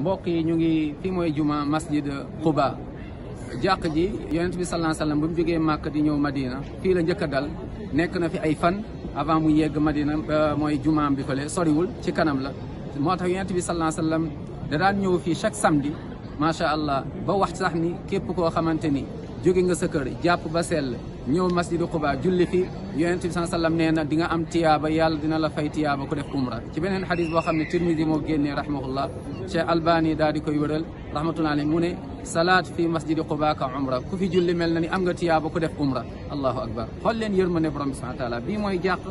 mbokk yi ñu ngi fii mooy juma masjid Quba jàq ji yonent bi sallallahu alayhi wasallam mu jógee màkk di ñëw Madina fii la njëkka dal nekk na fi ay fan avant mu yegg Madina mooy jumaam bi fële soriwul ci kanam la moo tax yonent bi sallallahu alayhi wasallam da daan ñëw fii chaque samedi macha allah ba wax sax ni képp koo xamante ni jóge nga sa kër jàpp ba sell ñëw masjidu Quba julli fi yonent bi sallam nee na di nga am tiyaaba yàlla dina la fay tiyaaba ku def umra ci beneen xadis boo xam ne Tirmidi moo génnee rahimahullah Cheikh Albani daal di koy wëral rahmatullahi alayhi mu ne salaat fi masjidi Quba ka umra ku fi julli mel na ni am nga tiyaaba ku def umra allahu akbar xool leen yërmande borom bi taala bii mooy jàq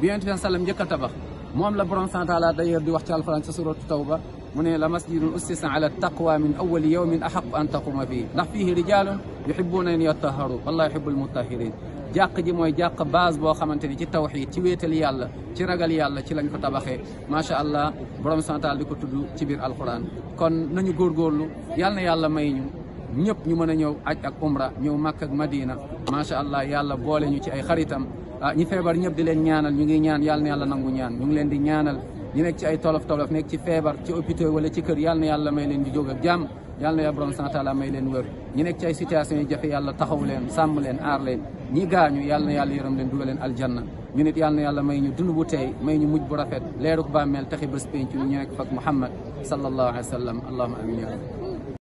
bi yonent bi sallam njëkk a tabax moom la borom sant ala d'ailleurs di wax ci alxuraan sa suratu tawba mu ne la masjidun ussisa ala taqwa min awali yawmin ahaqu an taquma fii ndax fiihi rijalun yuhibbuna an yattaharu wallah yuhibbul mutahirin jàq ji mooy jàq base boo xamante ni ci tawxiid ci wéetal yàlla ci ragal yàlla ci lañ ko tabaxee macha allah borom santal di ko tudd ci biir alxuraan kon nañu góorgóorlu yàlla na yàlla may ñu ñëpp ñu mën a ñëw aj ak umra ñëw màkk ak madina macha allah yàlla boole ci ay xaritam ah ñi feebar ñëpp di leen ñaanal ñu ngi ñaan yàlla na yàlla nangu ñaan ñu ngi leen di ñaanal ñu nekk ci ay tolof tolof nekk ci feebar ci hôpital wala ci kër yàlla na yàlla may leen di jóg ak jàmm yàlla na yàlla borom sant ala may leen wër ñu nekk ci ay situation yi jafe yàlla taxaw leen sàmm leen aar leen ñi gaañu yàlla na yàlla yërëm leen dugal leen aljanna ñu nit yàlla na yàlla may ñu dund bu tey may ñu mujj bu rafet leeruk bàmmeel taxi bés penc ñu nekk fak muhammad sallallahu alayhi wa sallam allahuma amin